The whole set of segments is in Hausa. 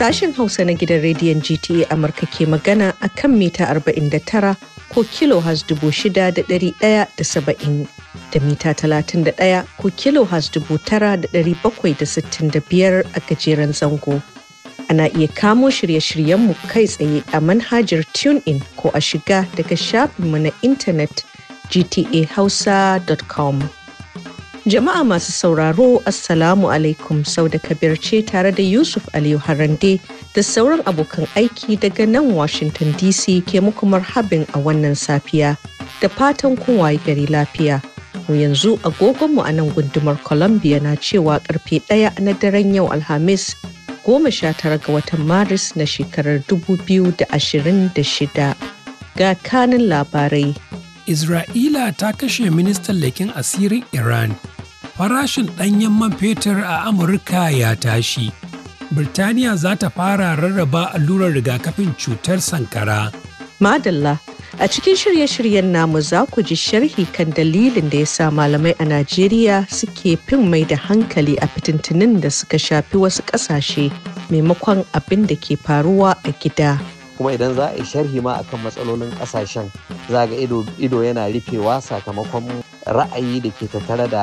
Sashen Hausa na gidan rediyon GTA Amurka ke magana a kan mita 49 ko kilohaz 6,170 da mita 31 ko da biyar a gajeren zango. Ana iya kamo shirye-shiryenmu kai tsaye a manhajar TuneIn ko a shiga daga shafinmu na intanet gtahausa.com. Jama'a masu sauraro Assalamu alaikum sau da kabir ce tare da Yusuf Aliyu Harande da sauran abokan aiki daga nan Washington DC ke muku marhabin a wannan safiya da fatan kowa gari lafiya. Mu yanzu agogonmu a nan gundumar Columbia na cewa karfe ɗaya na daren yau Alhamis goma sha tara ga watan Maris na shekarar dubu biyu da ashirin da shida. Ga kanin labarai. Isra'ila ta kashe ministan lekin asirin Iran farashin ɗanyen man fetur a Amurka ya tashi. Birtaniya za ta fara rarraba allurar rigakafin cutar sankara. Madalla, a cikin shirye-shiryen namu za ku ji sharhi kan dalilin da ya sa malamai a Najeriya suke fin mai da hankali a fitintunin da suka shafi wasu ƙasashe maimakon abin da ke faruwa a gida. kuma idan za a yi sharhi ma akan matsalolin kasashen za ga ido yana rufewa sakamakon ra'ayi da ke tattare da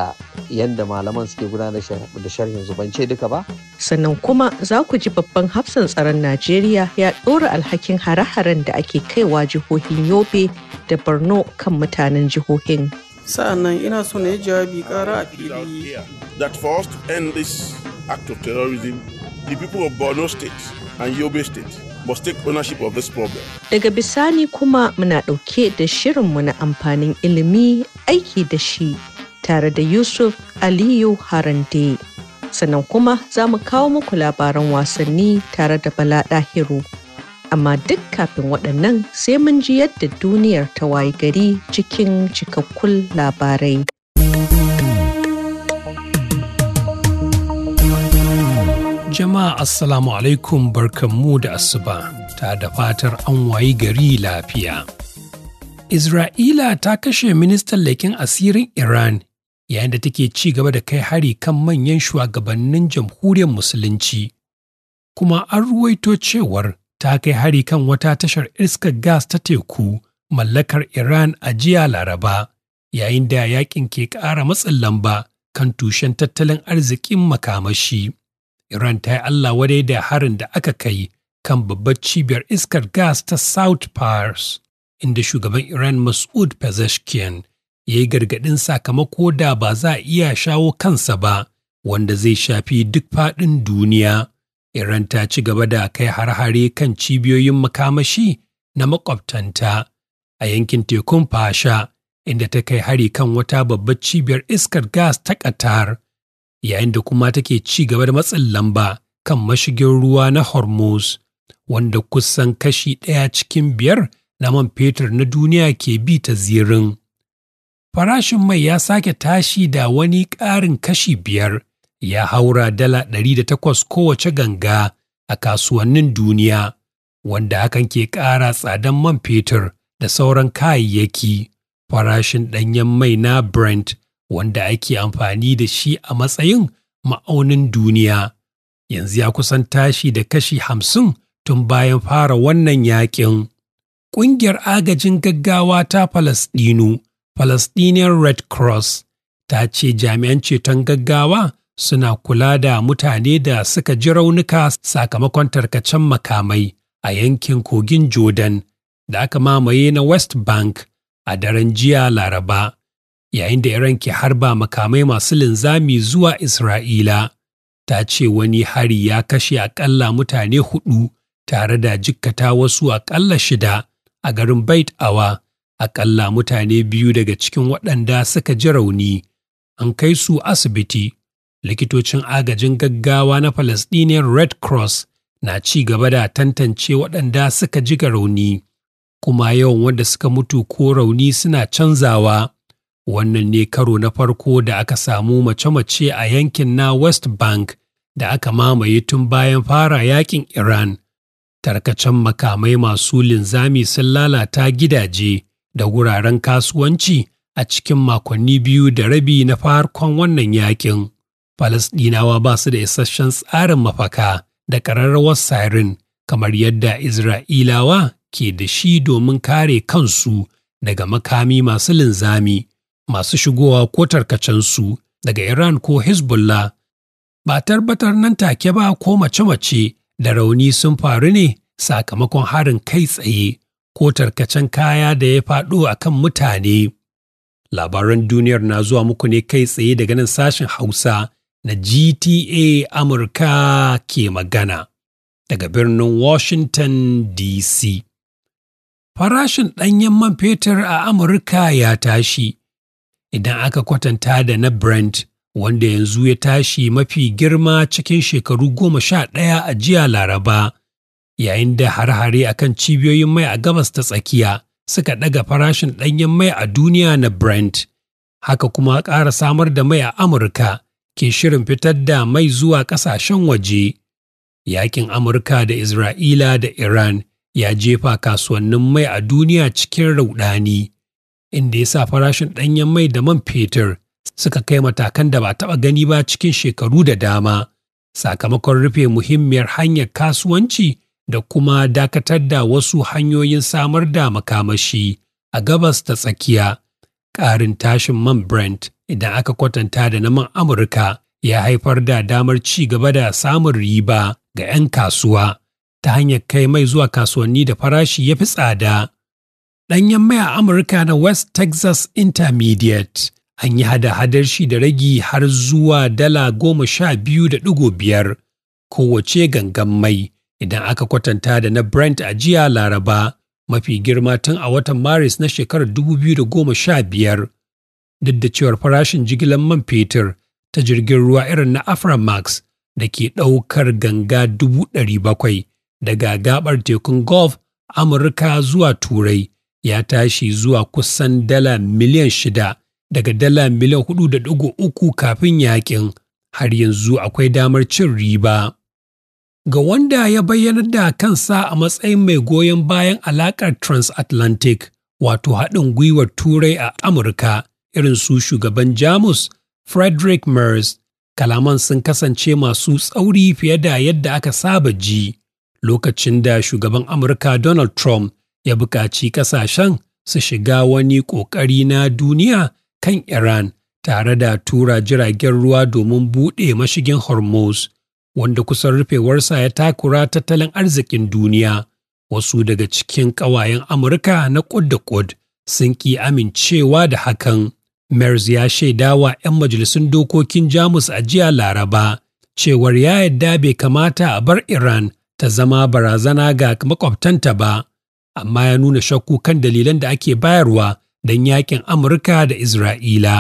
yadda malaman suke gudanar da sharhin zubance duka ba sannan kuma za ku ji babban hafsan tsaron najeriya ya ɗora alhakin hare-haren da ake kaiwa jihohin yobe da borno kan mutanen jihohin sa'annan ina so na yi jawabi ƙara a fili that end this act of terrorism the people of borno state and yobe state must take ownership of this problem. Daga bisani kuma muna ɗauke da shirinmu na amfanin ilimi aiki da shi tare da Yusuf Aliyu Harande. Sannan kuma za mu kawo muku labaran wasanni tare da Bala Ɗahiru. Amma duk kafin waɗannan sai mun ji yadda duniyar ta wayi gari cikin cikakkun labarai. Jama'a Assalamu alaikum barkanmu da asuba ta da fatar an wayi gari lafiya. Isra'ila ta kashe ministan leƙen asirin Iran yayin da take ci gaba da kai hari kan manyan shugabannin jamhuriyar musulunci. Kuma an ruwaito cewar ta kai hari kan wata tashar iskar gas ta teku mallakar Iran a jiya Laraba yayin da yakin ke ƙara matsin lamba kan tushen tattalin arzikin makamashi. Iran ta yi Allah wadai da harin da aka kai kan babbar cibiyar iskar gas ta South Pars, inda shugaban Iran Masoud Pezeshkian ya yi gargaɗin sakamako da ba za a iya shawo kansa ba, wanda zai shafi duk faɗin duniya. Iran ta ci gaba da kai har-hare kan cibiyoyin makamashi na makwabtanta a yankin tekun Fasha, inda ta kai hari kan wata babbar cibiyar iskar gas ta Qatar. yayin da kuma take ci gaba da matsin lamba kan mashigin ruwa na hormuz wanda kusan kashi ɗaya cikin biyar na man fetur na duniya ke bi ta zirin farashin mai ya sake tashi da wani ƙarin kashi biyar ya haura dala ɗari da takwas kowace ganga a kasuwannin duniya wanda hakan ke ƙara tsadan man fetur da sauran kayayyaki farashin ɗanyen mai na brent wanda ake amfani da shi a matsayin ma'aunin duniya yanzu ya kusan tashi da kashi hamsin tun bayan fara wannan yakin. Ƙungiyar agajin gaggawa ta Falasɗinu, Palestinian Red Cross, ta ce jami'an ceton gaggawa suna kula da mutane da suka ji raunuka sakamakon tarkacen makamai a yankin kogin Jordan da aka mamaye na West Bank a daren jiya Laraba. yayin da Iran ke harba makamai masu linzami zuwa Isra'ila, ta ce wani hari ya kashe akalla mutane hudu tare da jikkata wasu akalla shida a garin Bait Awa, akalla mutane biyu daga cikin waɗanda suka ji rauni, an kai su asibiti. Likitocin agajin gaggawa na Palestinian Red Cross na ci gaba da tantance waɗanda suka ji rauni, kuma yawan wanda suka mutu ko rauni suna canzawa. Wannan ne karo na farko da aka samu mace-mace a yankin na West Bank da aka mamaye tun bayan fara yakin Iran. Tarkacen makamai masu linzami sun lalata gidaje da wuraren kasuwanci a cikin makonni biyu da rabi na farkon wannan yakin. Falasɗinawa ba su da isasshen tsarin mafaka da ƙararrawar siren kamar yadda Isra'ilawa ke da shi domin kare kansu daga makami masu linzami masu shigowa ko tarkacensu daga Iran ko Hezbollah. Ba tabbatar nan take ba ko mace-mace da rauni sun faru ne sakamakon harin kai tsaye ko tarkacen kaya da ya faɗo a kan mutane. Labaran duniyar na zuwa muku ne kai tsaye daga nan sashen Hausa na GTA Amurka ke magana daga birnin Washington DC. Farashin ɗanyen man fetur a Amurka ya tashi. idan aka kwatanta da na Brent wanda yanzu ya tashi mafi girma cikin shekaru goma sha ɗaya a jiya Laraba, yayin da har-hare a kan cibiyoyin mai a gabas ta tsakiya suka ɗaga farashin ɗanyen mai a duniya na Brent. Haka kuma ƙara samar da mai a Amurka ke shirin fitar da mai zuwa ƙasashen waje. Yakin Amurka da Isra'ila da Iran ya jefa kasuwannin mai a duniya cikin rauɗani inda ya sa farashin ɗanyen mai da man fetur suka kai matakan da ba taɓa gani ba cikin shekaru da dama sakamakon rufe muhimmiyar hanyar kasuwanci da kuma dakatar da wasu hanyoyin samar da makamashi a gabas ta tsakiya ƙarin tashin man brent idan aka kwatanta da na man amurka ya haifar da damar ci gaba da samun riba ga 'yan kasuwa ta hanyar kai mai zuwa kasuwanni da farashi ya fi tsada ɗanyen mai a Amurka na West Texas Intermediate. An yi hada-hadar shi da ragi har zuwa dala goma sha biyu da ɗigo biyar kowace gangan mai idan aka kwatanta da na Brent a jiya Laraba mafi girma tun a watan Maris na shekarar 2015 duk da cewar farashin jigilar man fetur ta jirgin ruwa irin na Aframax da ke ɗaukar ganga 700 daga gabar tekun Gulf Amurka zuwa Turai ya tashi zuwa kusan dala miliyan shida daga dala miliyan hudu da dugu uku kafin yakin har yanzu akwai damar cin riba. Ga wanda ya bayyana da kansa a matsayin mai goyon bayan alakar transatlantic wato haɗin gwiwar turai a Amurka irin su shugaban Jamus Frederick Merz kalaman sun kasance masu tsauri fiye da yadda aka saba ji lokacin da shugaban Amurka Donald Trump ya buƙaci ƙasashen su shiga wani ƙoƙari na duniya kan Iran tare da tura jiragen ruwa domin buɗe mashigin Hormuz, wanda kusan rufewarsa ya takura tattalin arzikin duniya. Wasu daga cikin ƙawayen Amurka na ƙud da ƙud sun ƙi amincewa da hakan. mers ya shaidawa 'yan majalisun dokokin Jamus a jiya Laraba cewar ya yadda bai kamata a bar Iran ta zama barazana ga makwabtanta ba. amma ya nuna shakku kan dalilan da ake bayarwa don yakin Amurka da Isra'ila.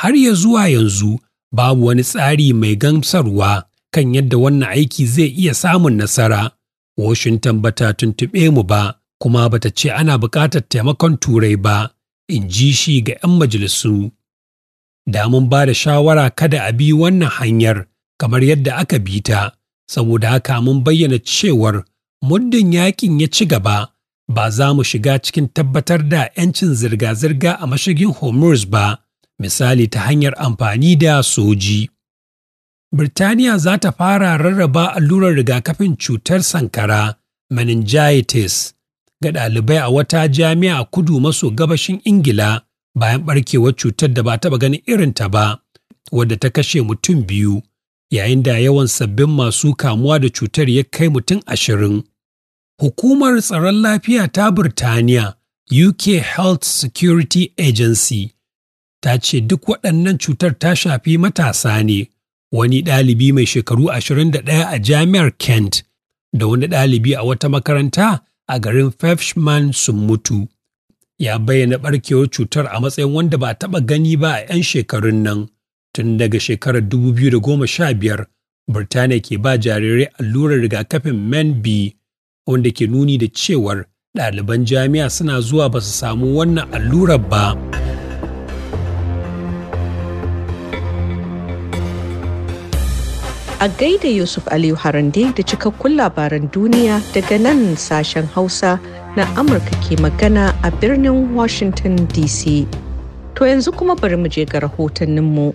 Har ya zuwa yanzu babu wani tsari mai gamsarwa kan yadda wannan aiki zai iya samun nasara. Washington bata tuntuɓe mu ba, kuma ba ta ce ana buƙatar taimakon turai ba, in ji shi ga 'yan majalisu. damun ba da shawara kada a bi wannan hanyar kamar yadda aka bi ta, saboda haka mun bayyana cewar muddin yakin ya ci gaba ba za mu shiga cikin tabbatar da 'yancin zirga-zirga a mashigin Hormuz ba, misali ta hanyar amfani da soji. Birtaniya za ta fara rarraba allurar rigakafin cutar sankara, meningitis, ga ɗalibai a wata jami'a a kudu maso gabashin Ingila bayan ɓarkewar cutar da ba taɓa ganin irinta ba, wadda ta kashe mutum biyu, yayin da yawan sabbin masu kamuwa da cutar ya kai mutum ashirin. Hukumar Tsaron Lafiya ta Burtaniya, UK Health Security Agency, ta ce duk waɗannan cutar ta shafi matasa ne, wani ɗalibi mai shekaru ashirin da ɗaya a Jami'ar Kent da wani ɗalibi a wata makaranta a garin Fefshman sun mutu. Ya bayyana ɓarkewar cutar a matsayin wanda ba taɓa gani ba a 'yan shekarun nan. Tun daga shekarar 2015, Burtaniya ke ba jarirai allurar rigakafin Men B. wanda ke nuni da cewar ɗaliban jami'a suna zuwa ba su samu wannan allurar ba. A gaida Yusuf Aliyu Harande da cikakkun labaran duniya daga nan sashen Hausa na Amurka ke magana a birnin Washington DC. To yanzu kuma bari mu je ga rahotanninmu.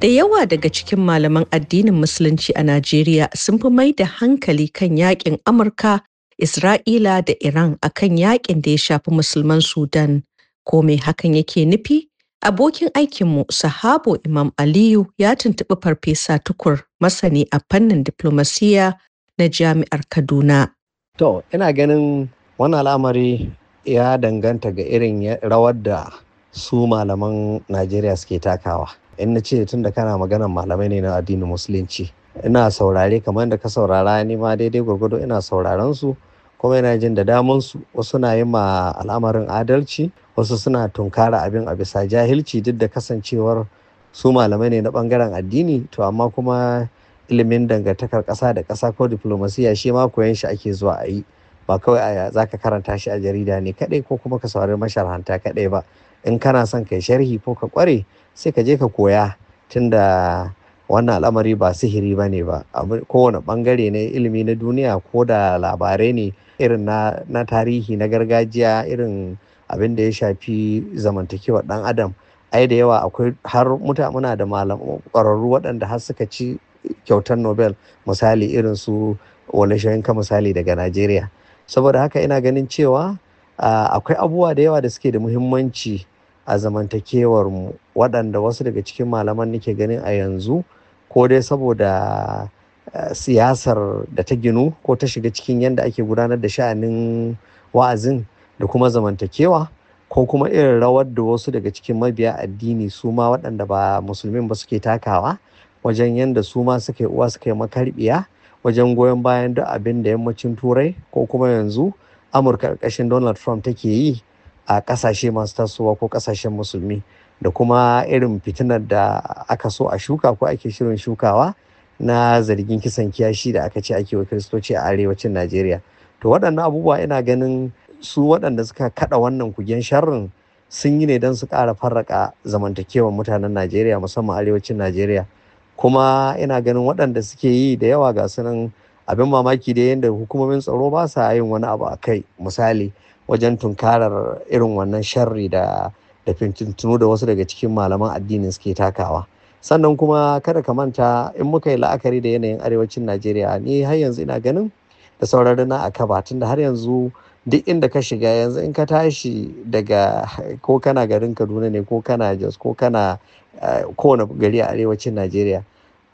Da yawa daga cikin malaman addinin Musulunci a Najeriya sun fi mai da hankali kan yakin Amurka Isra'ila da Iran a kan yakin da ya shafi musulman Sudan. Ko me hakan yake nufi? Abokin aikinmu Sahabo Imam Aliyu ya tuntuɓi Farfesa Tukur masani a fannin diplomasiya na Jami'ar Kaduna. To, ina ganin wani al'amari ya danganta ga irin rawar da su malaman Najeriya suke takawa. In na ce tun da kana maganar malamai ne na addinin Musulunci. ina saurare kamar da ka saurara ni ma daidai gwargwado ina sauraron su kuma yana jin da daman su wasu na yi ma al'amarin adalci wasu suna tunkara abin a bisa jahilci duk da kasancewar su malamai ne na bangaren addini to amma kuma ilimin dangantakar ƙasa da ƙasa ko diplomasiya shi ma koyan shi ake zuwa a yi ba kawai za ka karanta shi a jarida ne kaɗai ko kuma ka saurari masharhanta kaɗai ba in kana son kai sharhi ko ka ƙware sai ka je ka koya tunda wannan al'amari ba sihiri ba ne ba kowane bangare ne ilimi na duniya ko da labarai ne irin na tarihi na gargajiya irin abin da ya shafi zamantakewa dan adam ai da yawa akwai har muna da malam ƙwararru waɗanda har suka ci kyautar nobel misali irin su shayinka misali daga najeriya saboda haka ina ganin cewa akwai abubuwa da yawa da suke da muhimmanci a zamantakewar mu waɗanda wasu daga cikin malaman nake ganin a yanzu ko dai saboda eh, siyasar da ta ginu ko ta shiga cikin yadda ake gudanar da sha'anin wa'azin da kuma zamantakewa ko kuma irin rawar da wasu daga cikin mabiya addini su ma waɗanda ba musulmin ba suke takawa wajen yadda su ma suka uwa suka yi makarbiya wajen goyon bayan duk abin da yammacin turai ko kuma yanzu amurka ƙarƙashin donald trump take yi a ƙasashe masu tasowa ko ƙasashen musulmi da kuma irin fitinar da aka so a shuka ko ake shirin shukawa na zargin kisan kiyashi da aka ce ake wa kiristoci a arewacin najeriya to waɗannan abubuwa ina ganin su waɗanda suka kaɗa wannan kugen sharrin sun yi ne don su ƙara farraka zamantakewar mutanen najeriya musamman arewacin najeriya kuma ina ganin waɗanda suke yi da yawa ga sunan abin mamaki da yadda hukumomin tsaro ba sa yin wani abu a kai misali wajen tunkarar irin wannan sharri da da fintuntunu da wasu daga cikin malaman addinin suke takawa sannan kuma kada ka manta in muka yi la'akari da yanayin arewacin najeriya ni har yanzu ina ganin da sauran na a kaba tunda har yanzu duk inda ka shiga yanzu in ka tashi daga ko kana garin kaduna ne ko kana jos ko kana eh, kowane gari a arewacin najeriya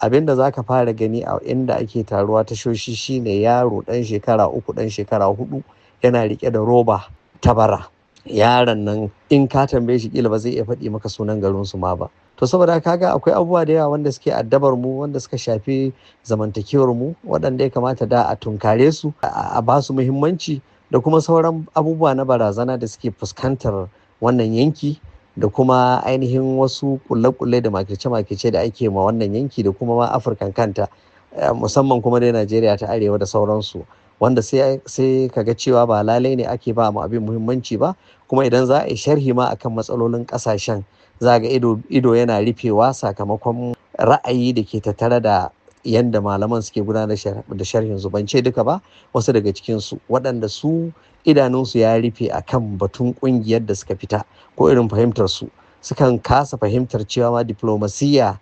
abin da za ka fara gani a inda ake taruwa tashoshi shine yaro dan shekara uku dan shekara hudu yana rike da roba ta bara yaron nan in ka tambaye shi kila ba zai iya faɗi maka sunan garin su ma ba to saboda ka ga akwai abubuwa da yawa wanda suke addabar mu wanda suka shafi zamantakewar mu waɗanda ya kamata da a tunkare su a ba su muhimmanci da kuma sauran abubuwa na barazana da suke fuskantar wannan yanki da kuma ainihin wasu kulle-kulle da makice makice da ake ma wannan yanki da kuma ma afirkan kanta eh, musamman kuma dai najeriya ta arewa da sauransu wanda sai ka ga cewa ba lalai ne ake ba mu abin muhimmanci ba kuma idan za a yi sharhi ma akan matsalolin kasashen za ga ido yana rufewa sakamakon ra'ayi da ke tattare da yadda malaman suke gudanar da sharhin su ban ce duka ba wasu daga cikinsu waɗanda su idanunsu ya rufe akan batun ƙungiyar da suka fita ko irin fahimtar su sukan kasa fahimtar cewa ma diplomasiya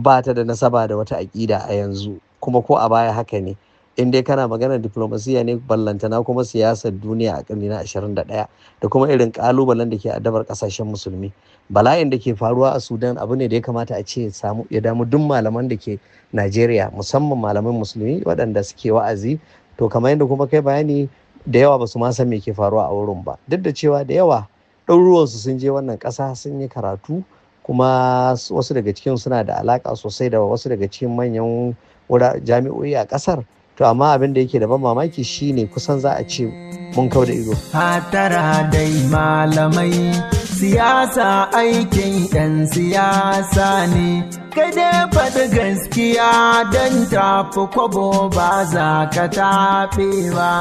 ba ta da nasaba da wata aƙida a yanzu kuma ko a baya haka ne in dai kana magana diplomasiya ne ballantana kuma siyasar duniya a karni na 21 da kuma irin kalubalen da ke addabar kasashen musulmi bala'in da ke faruwa a sudan abu ne da ya kamata a ce ya damu duk malaman da ke najeriya musamman malaman musulmi waɗanda suke wa'azi to kamar yadda kuma kai bayani da yawa ba su ma san me ke faruwa a wurin ba duk da cewa da yawa ɗaruruwansu sun je wannan ƙasa sun yi karatu kuma wasu daga cikin suna da alaƙa sosai da wasu daga cikin manyan jami'o'i a ƙasar to amma abin da yake da ban mamaki shine kusan za a ce mun kau da ido hatara dai malamai siyasa aikin yan siyasa ne kai dai faɗi gaskiya don tafi kwabo ba za ka tafi ba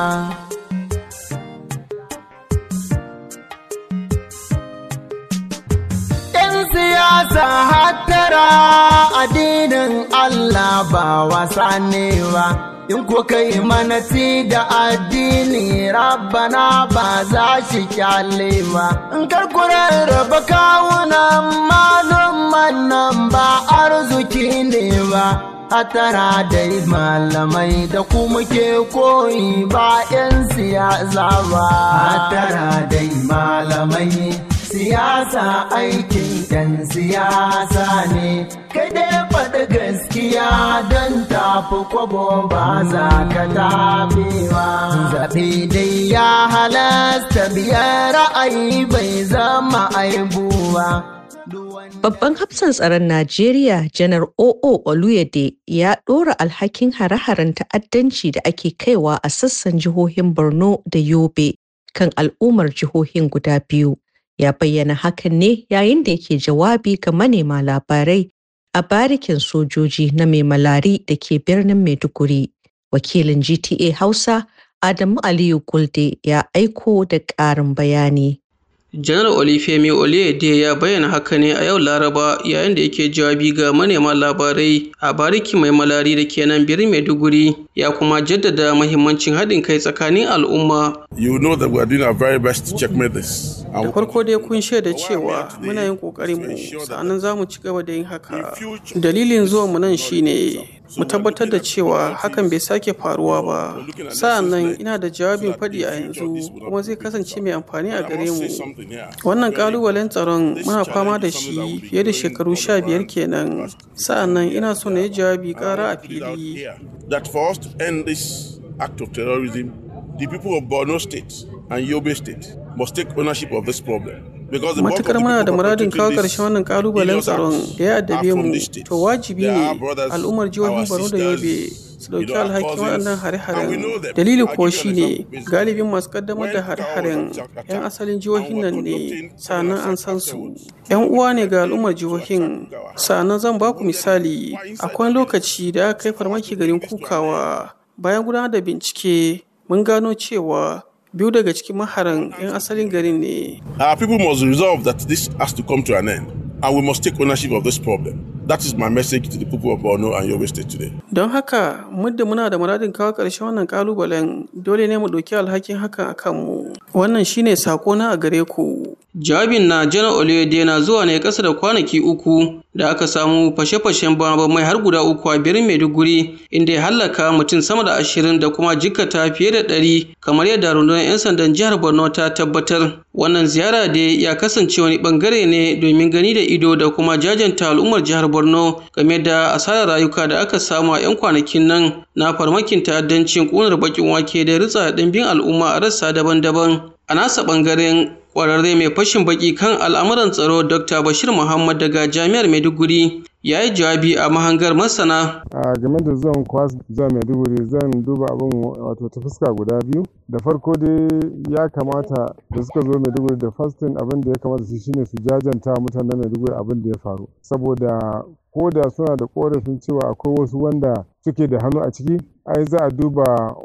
siyasa hattara addinin Allah ba wasa ne ba in ko kai manati da addini rabana ba za shi kyale ba in ku raba kawunan malaman nan ba arziki ne ba a tara dai malamai da kuma ke koyi ba 'yan siyasa ba a tara dai malamai siyasa aikin ɗan siyasa ne kai dai faɗi gaskiya don tafi kwabo ba za ka tabewa zaɓe dai ya halasta biyar ra'ayi bai zama aibuwa Babban hafsan tsaron Najeriya janar OO Oluyede ya ɗora alhakin hare-haren ta'addanci da ake kaiwa a sassan jihohin Borno da Yobe kan al'ummar jihohin guda biyu. ya bayyana hakan ne yayin da yake jawabi ga manema labarai a barikin sojoji na mai malari da ke birnin maiduguri wakilin gta hausa adamu aliyu gulde ya aiko da ƙarin bayani Janar olifemi oliyede ya bayyana haka ne a yau Laraba yayin da yake jawabi ga manema labarai a bariki mai Malari da ke nan birnin Maiduguri, ya kuma jaddada mahimmancin haɗin kai tsakanin al'umma. You know that we are doing our very best to this. Da farko dai kun shaida cewa muna yin ƙoƙarinmu, sa'annan za mu ci gaba da yin haka. Dalilin zuwa mu nan shine mu tabbatar da cewa hakan bai sake faruwa ba sa'an nan ina da jawabin faɗi a yanzu kuma zai kasance mai amfani a gare mu wannan ƙalubalen tsaron muna fama da shi fiye da shekaru sha biyar kenan sa'an nan ina so na yi jawabi ƙara a fili the people of Borno State and Yobe State must take ownership problem. matukar muna da muradin kawo ƙarshen wannan ƙalubalen tsaron da ya addabe mu to wajibi ne al'ummar jihohin baro da yobe su dauki alhakin waɗannan hare-haren dalili ko shi ne galibin masu kaddamar da hare-haren 'yan asalin jihohin nan ne sannan an san su 'yan uwa ne ga al'ummar jihohin sannan zan ba ku misali akwai lokaci da aka kai farmaki garin kukawa bayan gudanar da bincike mun gano cewa biyu daga cikin maharan 'yan asalin garin ne. Our people must resolve that this has to come to an end and we must take ownership of this problem. That is my message to the people of Borno and Yobe State today. Don haka, muddin muna da muradin kawo ƙarshen wannan kalubalen dole ne mu ɗauki alhakin hakan a kanmu. Wannan shine sako na a gare ku. Jawabin na Janar Oloyede na zuwa ne ƙasa da kwanaki uku da aka samu fashe-fashen bama-bamai har guda uku a birnin Maiduguri, inda ya hallaka mutum sama da ashirin da kuma jikkata fiye da ɗari, kamar yadda rundunar 'yan sandan jihar Borno ta tabbatar. Wannan ziyara da ya kasance wani ɓangare ne domin gani da ido da kuma jajanta al'ummar jihar Borno game da asarar rayuka da aka samu a 'yan kwanakin nan na farmakin ta'addancin ƙunar baƙin wake da ritsa ɗimbin al'umma a rassa daban-daban. A nasa ɓangaren kwararre mai fashin baki kan al'amuran tsaro Dr. Bashir Muhammad daga Jami'ar Maiduguri ya yi jawabi a mahangar masana. A game da zan kwas zuwa Maiduguri zan duba abin wato ta fuska guda biyu. Da farko dai ya kamata da suka zo Maiduguri da fastin abin da ya kamata su shine su jajanta mutanen Maiduguri abin da ya faru. Saboda ko da suna da korafin cewa akwai wasu wanda suke da hannu a ciki ai za a duba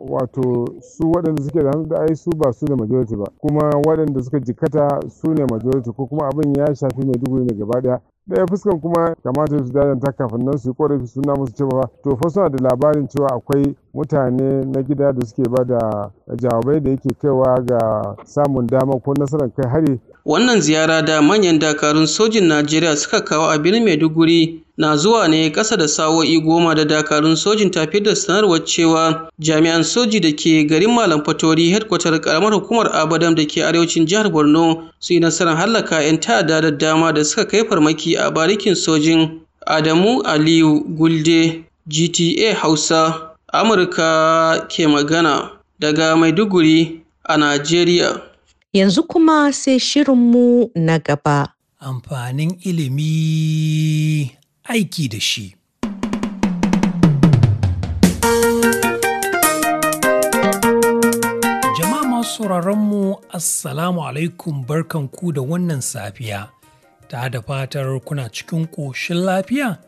wato su waɗanda suke da hannu da ai su ba su ne majority ba kuma waɗanda suka jikata su ne majority ko kuma abin ya shafi mai ne gaba daya daya fuskan kuma kamata su ta kafin nan su yi ƙorafi suna musu cewa to fa suna da labarin cewa akwai mutane na gida da suke ba da jawabai da yake kaiwa ga samun dama ko nasarar kai hari wannan ziyara da manyan dakarun sojin najeriya suka kawo a birnin maiduguri na zuwa ne ƙasa da sa'o'i goma da dakarun sojin tafiyar da sanarwar cewa jami'an soji da ke garin malam fatori headkwatar karamar hukumar abadam da ke arewacin jihar borno su yi nasarar hallaka 'yan ta'adda da dama da suka kai farmaki a barikin sojin adamu aliyu gulde gta hausa amurka ke magana daga maiduguri a najeriya yanzu kuma sai shirinmu na gaba amfanin ilimi aiki da shi. Jama'a masu sauraronmu Assalamu alaikum barkanku da wannan safiya, ta da fatar kuna cikin ƙoshin lafiya,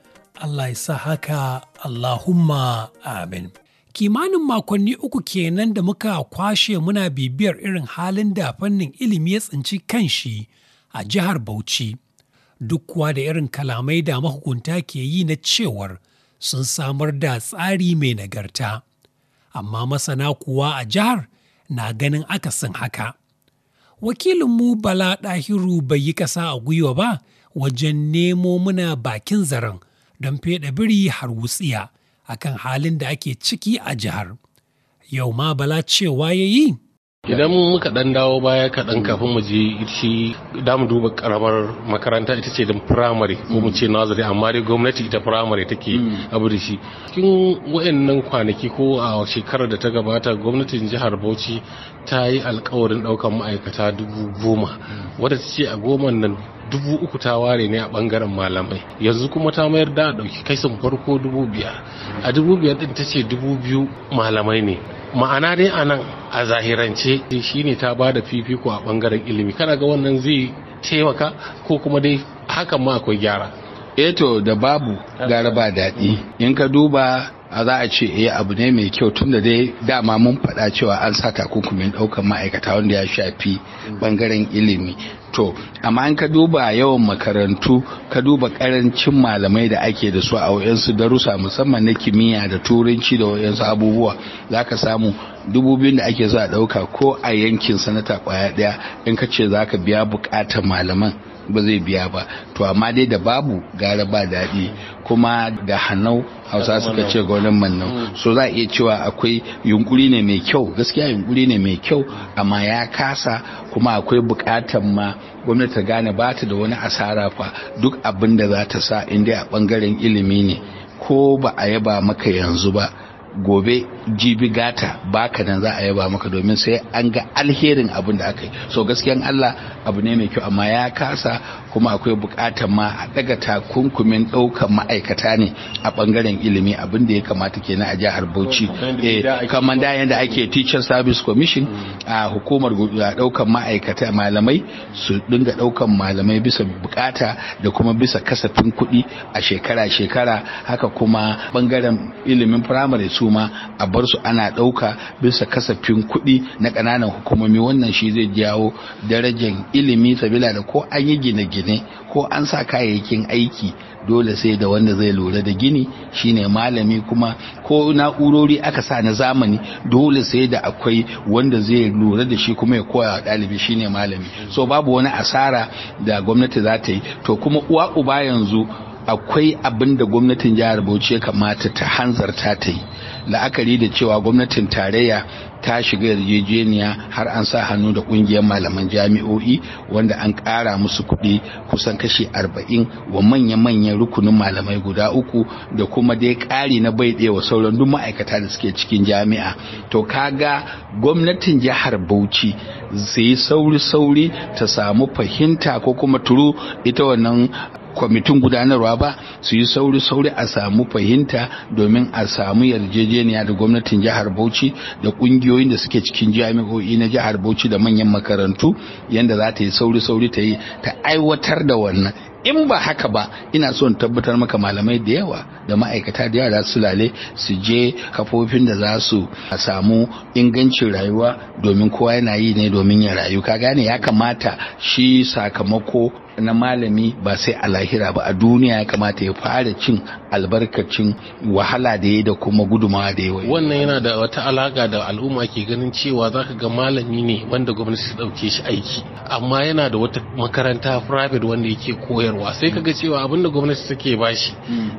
Allah ya sa haka Allahumma amin. Kimanin makonni uku kenan da muka kwashe muna bibiyar irin halin da fannin ilimi ya tsinci kanshi a jihar Bauchi. duk kuwa da irin kalamai da mahukunta ke yi na cewar sun samar da tsari mai nagarta. Amma masana kuwa a jihar na ganin akasin haka. Wakilinmu Bala Ɗahiru bai yi ƙasa a gwiwa ba wajen nemo muna bakin zaren don feɗa biri har wutsiya akan halin da ake ciki a jihar. Yau ma Bala cewa ya yi? idan muka dan dawo baya kaɗan kafin mu je shi da mu duba karamar makaranta ita ce din primary ko mu ce mm. nazari amma dai gwamnati ita primary take mm. abu da shi cikin wayannan kwanaki ko a shekarar da ta gabata gwamnatin jihar Bauchi ta yi alkawarin ɗaukan ma'aikata dubu goma mm. wadda ta ce a goma nan dubu uku ta ware ne a bangaren malamai yanzu kuma ta mayar da dauki kaisin farko dubu biyar a dubu biyar din ta ce dubu biyu malamai ne ma'ana dai a nan a zahirance shine ta ba da fifiko a bangaren ilimi kana ga wannan zai taimaka ko kuma dai hakan ma akwai gyara eto eh da babu gara ba daɗi in ka duba a za a ce ya eh, abu ne mai kyau tun da dai dama mun faɗa cewa an sa takunkumin ɗaukar ma'aikata wanda ya shafi bangaren ilimi to amma in ka duba yawan makarantu ka duba karancin malamai da ake da su a wayansu darussa musamman na kimiyya da turanci da wayansu abubuwa za ka samu dubu biyun da ake so a ɗauka ko a yankin sanata kwaya ɗaya in ka ce za ka biya buƙatar malaman ba zai biya ba to amma dai da babu gara ba daɗi kuma da hannu hausa suka ce gwanin mannau mm. so za a iya cewa akwai yunkuri ne mai kyau gaskiya yunkuri ne mai kyau amma ya kasa kuma akwai bukatan ma gwamnati ta gane ba ta da wani asara fa duk abin da za ta sa inda a bangaren ilimi ne ko ba a yaba maka yanzu ba gobe jibi gata baka nan za a yaba maka domin sai an ga alherin abin da aka yi so gaskiyan Allah abu ne mai kyau amma ya kasa kuma akwai bukatar ma a daga takunkumin ɗaukan ma'aikata ne a bangaren ilimi abin da ya kamata ke kenan a jihar Bauchi eh, kamar da yadda ake teacher service commission a hukumar ɗaukar ma'aikata malamai su dinga ɗaukan malamai bisa bukata da kuma bisa kasafin kuɗi a shekara-shekara haka kuma bangaren ilimin primary su ma a bar su ana ɗauka bisa kasafin kuɗi na kananan hukumomi wannan shi zai jawo darajar ilimi sabila da ko an yi gine-gine ne ko an sa kayayyakin aiki dole sai da wanda zai lura da gini shine malami kuma ko na'urori aka sa na zamani dole sai da akwai wanda zai lura da shi kuma ya koya wa ɗalibi shine malami so babu wani asara da gwamnati za ta yi to kuma uwa uba yanzu akwai abin da gwamnatin jihar Bauchi ya kamata ta hanzarta ta yi la'akari da cewa gwamnatin tarayya ta shiga yarjejeniya har an sa hannu da kungiyar malaman jami'o'i wanda an ƙara musu kuɗi kusan kashi arba'in wa manya-manyan rukunin malamai guda uku da kuma dai ƙari na bai ɗaya wa sauran duk ma'aikata da suke cikin jami'a to kaga gwamnatin jihar bauchi sai sauri-sauri ta samu fahimta ko kuma turu ita wannan kwamitin gudanarwa ba su yi sauri sauri a samu fahimta domin a samu yarjejeniya da gwamnatin jihar Bauchi da kungiyoyin da suke cikin jami'o'i na jihar Bauchi da manyan makarantu yanda za ta yi sauri sauri ta yi ta aiwatar da wannan in ba haka ba ina son tabbatar maka malamai da yawa da ma'aikata da yawa su lale su je kafofin da za su samu ingancin rayuwa domin kowa yana yi ne domin ya rayu ka gane ya kamata shi sakamako na malami ba sai a lahira ba a duniya ya kamata ya fara cin albarkacin wahala da ya da kuma gudumawa da yawa wannan yana da wata alaka da al'umma ke ganin cewa zaka ga malami ne wanda gwamnati ta dauke shi aiki amma yana da wata makaranta private wanda yake koyarwa sai kaga cewa abin da gwamnati take bashi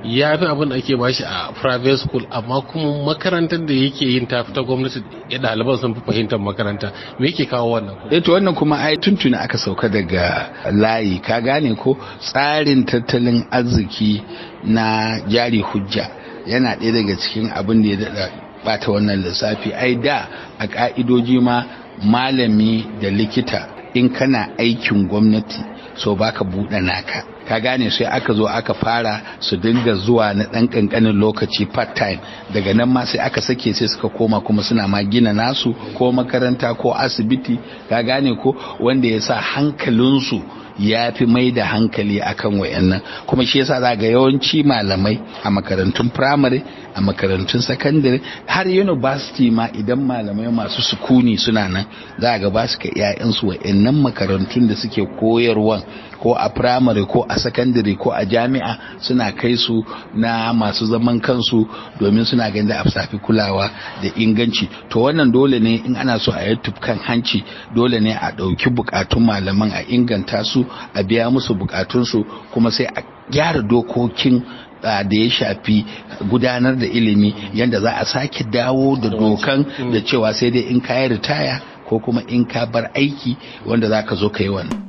ya fi abin da ake bashi a private school amma kuma makarantar da yake yin ta ta gwamnati ya ɗaliban sun fi fahimtar makaranta me yake kawo wannan eh to wannan kuma ai tuntuni aka sauka daga layi ka gane ko tsarin tattalin arziki na jari hujja yana ɗaya daga cikin abin da ya daɗa bata wannan lissafi ai da a ƙa'idoji ma malami da likita in kana aikin gwamnati so baka buɗe naka ka gane sai aka zo aka fara su dinga zuwa na ɗan ƙanƙanin lokaci part time daga nan ma sai aka sake sai suka koma kuma suna ma gina nasu ko makaranta ko asibiti ka gane ko wanda ya sa hankalinsu ya fi mai da hankali a akan wayannan kuma shi yasa za ga yawanci malamai a makarantun primary a makarantun secondary har university ma idan malamai masu sukuni suna nan za ga ba su ka 'ya'yansu wayannan makarantun da suke koyarwan ko a firamare ko a sakandare ko a jami'a suna kai su na masu zaman kansu domin suna ganin da safi kulawa da inganci to wannan dole ne in ana so a yi tufkan hanci dole ne a ɗauki bukatun malaman a inganta su a biya musu bukatunsu kuma sai a gyara dokokin da ya shafi gudanar da ilimi yadda za a sake dawo da dokan mm. da cewa sai dai in ka yi ritaya ko kuma in ka bar aiki wanda za ka zo ka yi wannan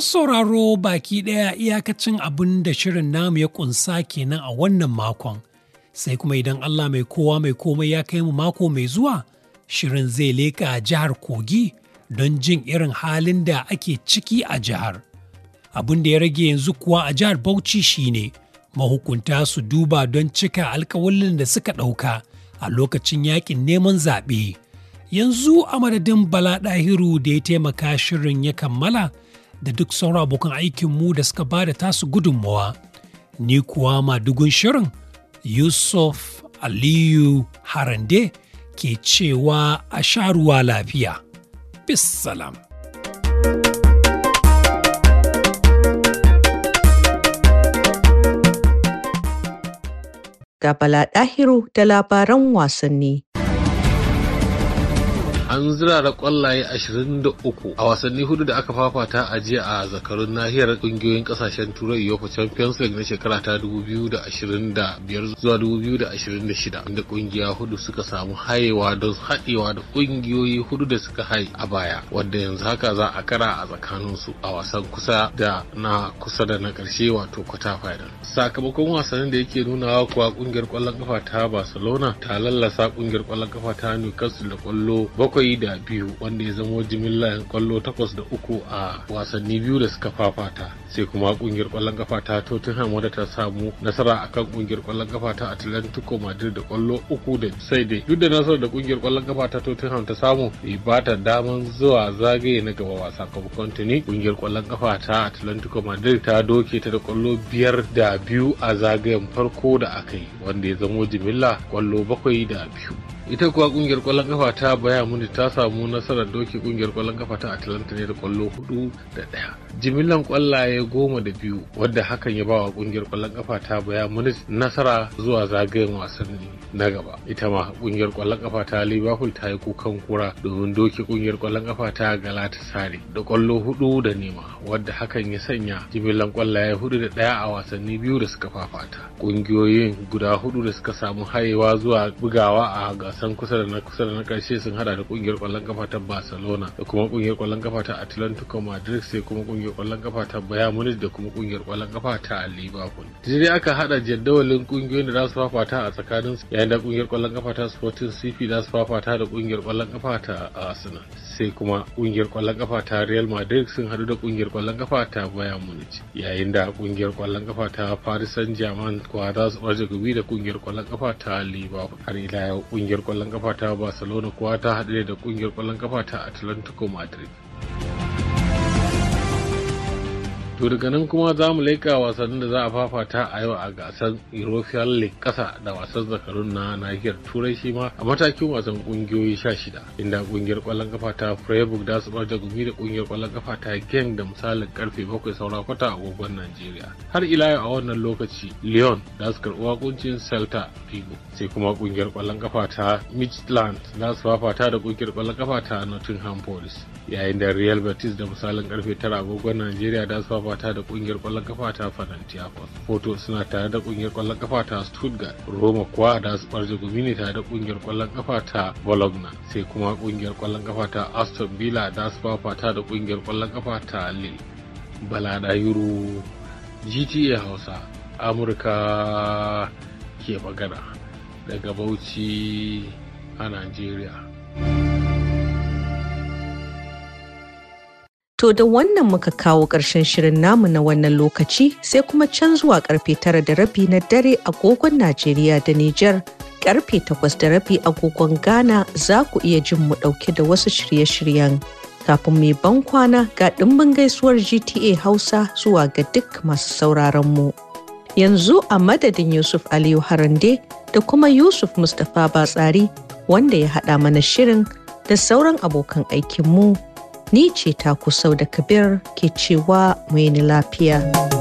Masu sauraro baki ɗaya iyakacin abin da shirin namu ya ƙunsa kenan a wannan makon. Sai kuma idan Allah mai kowa mai komai ya kai mu mako mai zuwa, shirin zai leka jihar Kogi don jin irin halin da ake ciki a jihar. Abin da ya rage yanzu kuwa a jihar Bauchi shine mahukunta su duba don cika alkawalin da suka ɗauka a lokacin yakin neman zaɓe. Yanzu a madadin Bala Ɗahiru da ya taimaka shirin ya kammala. da duk sauran abokan aikinmu da suka ba da tasu gudunmawa. Ni kuwa madugun shirin Yusuf Aliyu Harande ke cewa a sharuwa lafiya. Bis salam. Bala Ɗahiru da labaran wasanni. an zirara kwallaye 23 a wasanni hudu da aka fafata a jiya a zakarun nahiyar kungiyoyin kasashen turai yofa champions league na shekara ta 2025 zuwa 2026 inda kungiya hudu suka samu hayewa don haɗewa da kungiyoyi hudu da suka haye a baya wadda yanzu haka za a kara a tsakanin su a wasan kusa da na kusa da na karshe wato kwata final sakamakon wasannin da yake nunawa kuwa kungiyar kwallon kafa ta barcelona ta lallasa kungiyar kwallon kafa ta newcastle da kwallo bakwai da biyu wanda ya zamo jimilla kwallo takwas da uku a wasanni biyu da suka fafata sai kuma kungiyar kwallon kafa ta tottenham wadda ta samu nasara akan kungiyar kwallon kafa ta atlantico madrid da kwallo uku da sai dai duk da nasarar da kungiyar kwallon kafa ta tottenham ta samu bai ba ta daman zuwa zagaye na gaba wasa sakamakon tuni kungiyar kwallon kafa ta atlantico madrid ta doke ta da kwallo biyar da biyu a zagayen farko da aka yi wanda ya zamo jimilla kwallo bakwai da biyu ita kuwa kungiyar kwallon kafa ta baya muni ta samu nasarar doki kungiyar kwallon kafa ta atlanta ne da kwallo hudu da daya jimillan kwallaye goma da biyu wadda hakan ya bawa kungiyar kwallon kafa ta baya muni nasara zuwa zagayen wasanni na gaba ita ma kungiyar kwallon kafa ta liverpool ta yi kukan kura domin doki kungiyar kwallon kafa ta sare da kwallo hudu da nema wadda hakan ya sanya jimillan kwallaye hudu da daya a wasanni biyu da suka fafata kungiyoyin guda hudu da suka samu hayewa zuwa bugawa a gasa wasan kusa da na kusa da na karshe sun hada da kungiyar kwallon kafa ta barcelona da kuma kungiyar kwallon kafa ta atlantico madrid sai kuma kungiyar kwallon kafa ta bayern munich da kuma kungiyar kwallon kafa ta liverpool Tijiri aka hada jaddawalin kungiyoyin da za su fafata a tsakanin su yayin da kungiyar kwallon kafa ta sporting cp za su fafata da kungiyar kwallon kafa ta arsenal sai kuma kungiyar kwallon kafa ta real madrid sun hadu da kungiyar kwallon kafa ta bayern munich yayin da kungiyar kwallon kafa ta paris saint germain kuwa za su gubi da kungiyar kwallon kafa ta liverpool har ila yau kungiyar kungiyar kwallon kafa ta barcelona kuwa ta haɗe da kungiyar kwallon kafa ta atlantico madrid To daga nan kuma za mu leƙa wasannin da za a fafata a yau a gasar European League ƙasa da wasan zakarun na nahiyar Turai shi ma a matakin wasan ƙungiyoyi sha shida inda ƙungiyar ƙwallon kafa ta Freiburg da su da gumi da ƙungiyar ƙwallon kafa ta Genk da misalin karfe bakwai saura kwata a gogon Najeriya. Har ila yau a wannan lokaci Lyon da su karɓi wakuncin Celta Vigo sai kuma ƙungiyar ƙwallon kafa ta Midland da su fafata da ƙungiyar ƙwallon kafa ta Nottingham Forest yayin da Real Betis da misalin karfe tara a gogon Najeriya da su fafata fafata da kungiyar kwallon kafa ta Panathinaikos. Foto suna tare da kungiyar kwallon kafa ta Stuttgart. Roma kuwa da su barje gumi ne tare da kungiyar kwallon kafa ta Bologna. Sai kuma kungiyar kwallon kafa ta Aston Villa da su fafata da kungiyar kwallon kafa ta Lille. Balada Yuru GTA Hausa Amurka ke magana daga Bauchi a Najeriya. To da wannan muka kawo ƙarshen shirin namu na wannan lokaci sai kuma can zuwa ƙarfe tara da rabi na dare agogon Najeriya da Nijar. ƙarfe takwas da rabi agogon Ghana za ku iya jin mu ɗauke da wasu shirye-shiryen. Kafin mai ban kwana ga ɗimbin gaisuwar GTA Hausa zuwa ga duk masu sauraron mu. Yanzu a madadin Yusuf Aliyu Harande da kuma Yusuf Mustapha Batsari wanda ya haɗa mana shirin da sauran abokan aikinmu. mu. Ni ce taku sau da kabir ke cewa mu yi lafiya.